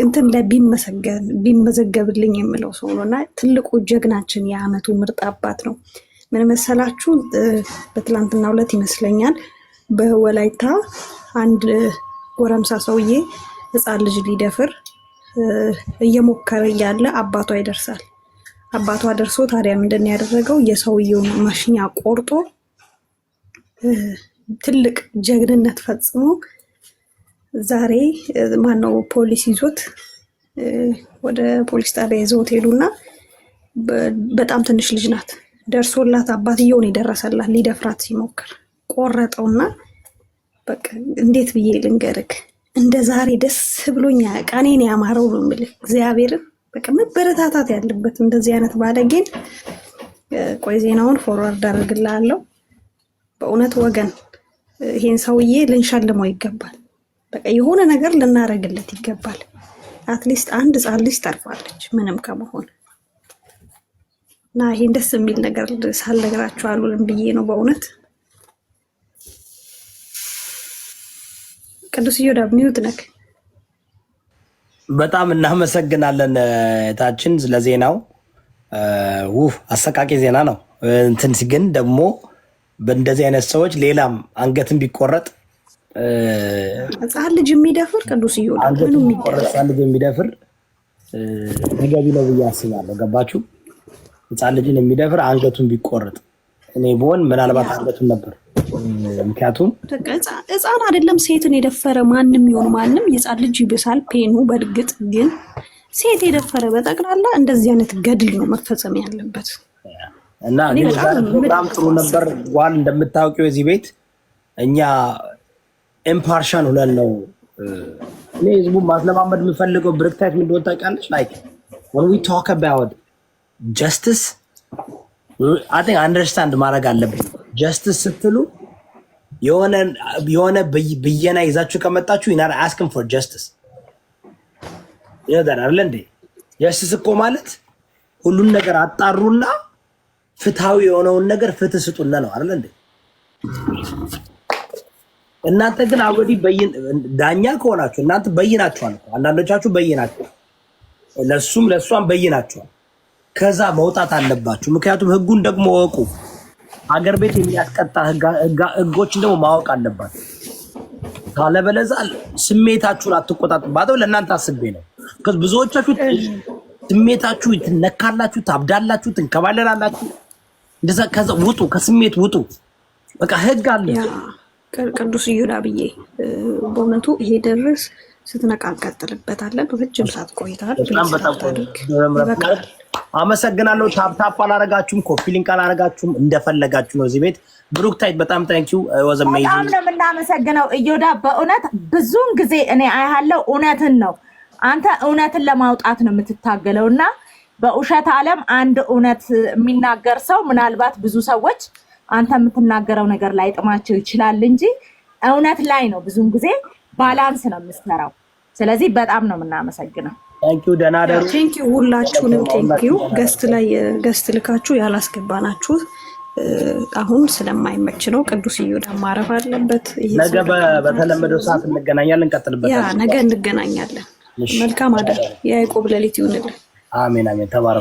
እንትን ላይ ቢመዘገብልኝ የምለው ሰው ነው እና ትልቁ ጀግናችን የአመቱ ምርጥ አባት ነው። ምን መሰላችሁ? በትላንትና ሁለት ይመስለኛል በወላይታ አንድ ጎረምሳ ሰውዬ ህፃን ልጅ ሊደፍር እየሞከረ እያለ አባቷ ይደርሳል። አባቷ ደርሶ ታዲያ ምንድን ያደረገው? የሰውየውን ማሽኛ ቆርጦ ትልቅ ጀግንነት ፈጽሞ ዛሬ ማነው ፖሊስ ይዞት ወደ ፖሊስ ጣቢያ ይዘውት ሄዱና በጣም ትንሽ ልጅ ናት። ደርሶላት አባትየውን የደረሰላት ሊደፍራት ሲሞክር ቆረጠውና በቃ እንዴት ብዬ ልንገርክ፣ እንደ ዛሬ ደስ ብሎኝ ቃኔን ያማረው ነው የምልህ። እግዚአብሔርን በቃ መበረታታት ያለበት እንደዚህ አይነት ባለጌን። ቆይ ዜናውን ፎርዋርድ አደርግልሃለሁ። በእውነት ወገን ይሄን ሰውዬ ልንሸልመው ይገባል። በቃ የሆነ ነገር ልናደርግለት ይገባል። አትሊስት አንድ ህፃን ልጅ ተርፋለች ምንም ከመሆን እና ይሄን ደስ የሚል ነገር ሳልነግራችሁ አሉልን ብዬ ነው በእውነት። ቅዱስ እዮዳ ሚዩት ነክ በጣም እናመሰግናለን ታችን ለዜናው ውፍ አሰቃቂ ዜና ነው። እንትን ግን ደግሞ በእንደዚህ አይነት ሰዎች ሌላም አንገትን ቢቆረጥ ህፃን ልጅ የሚደፍር ቅዱስ እየሆነ ሕፃን ልጅ የሚደፍር ተገቢ ነው ብዬ አስባለሁ። ገባችሁ? ሕፃን ልጅን የሚደፍር አንገቱን ቢቆረጥ እኔ ብሆን ምናልባት አንገቱን ነበር። ምክንያቱም ህፃን አይደለም ሴትን የደፈረ ማንም ይሆን ማንም የሕፃን ልጅ ይብሳል ፔኑ። በእርግጥ ግን ሴት የደፈረ በጠቅላላ እንደዚህ አይነት ገድል ነው መፈጸም ያለበት እና በጣም ጥሩ ነበር። ዋን እንደምታውቂው የዚህ ቤት እኛ ኢምፓርሻል ሆነን ነው እኔ ህዝቡ ማስለማመድ የምፈልገው። ብርክታይት ምን እንደሆነ ታውቂያለሽ? ላይክ when we talk about justice I think አንደርስታንድ ማድረግ አለብን። ጀስቲስ ስትሉ የሆነ የሆነ ብየና ይዛችሁ ከመጣችሁ ይናር አስክም ፎር ጀስቲስ ይነዳር አይደል እንዴ? ጀስቲስ እኮ ማለት ሁሉን ነገር አጣሩና ፍትሃዊ የሆነውን ነገር ፍትህ ስጡና ነው አይደል እንዴ? እናንተ ግን አልሬዲ ዳኛ ከሆናችሁ እናንተ በይናችኋል። አንዳንዶቻችሁ በይናችኋል፣ ለሱም ለእሷም በይናችኋል። ከዛ መውጣት አለባችሁ። ምክንያቱም ህጉን ደግሞ እወቁ። ሀገር ቤት የሚያስቀጣ ህጎችን ደግሞ ማወቅ አለባችሁ። ካለበለዛ ስሜታችሁን አትቆጣጥባተው። ለእናንተ አስቤ ነው። ብዙዎቻችሁ ስሜታችሁ ትነካላችሁ፣ ታብዳላችሁ፣ ትንከባለላላችሁ። ከዛ ውጡ፣ ከስሜት ውጡ። በቃ ህግ አለ ቅዱስ ይሁዳ ብዬ በእውነቱ ይሄ ደርስ ስትነቃ እንቀጥልበታለን። ረጅም ሰዓት ቆይተሃል። አመሰግናለሁ። ታፕታፕ አላረጋችሁም፣ ኮፒ ሊንክ አላረጋችሁም፣ እንደፈለጋችሁ ነው። እዚህ ቤት ብሩክታይት በጣም ታንኪዩ። በጣም ነው የምናመሰግነው እዮዳ። በእውነት ብዙን ጊዜ እኔ አያለው እውነትን ነው አንተ እውነትን ለማውጣት ነው የምትታገለው እና በውሸት ዓለም አንድ እውነት የሚናገር ሰው ምናልባት ብዙ ሰዎች አንተ የምትናገረው ነገር ላይ ጥማቸው ይችላል እንጂ እውነት ላይ ነው ብዙን ጊዜ ባላንስ ነው የምትሰራው ስለዚህ በጣም ነው የምናመሰግነው። ቴንኪው ሁላችሁንም ቴንኪው። ገስት ላይ ገስት eh, ልካችሁ ያላስገባናችሁ eh, አሁን ስለማይመች ነው። ቅዱስ እዮዳ ማረፍ አለበት። ነገ በተለመደው ሰዓት እንገናኛለን፣ እንቀጥልበታለን። ነገ እንገናኛለን። መልካም አደር። የያዕቆብ ሌሊት ይሁንልን። አሜን አሜን። ተባረ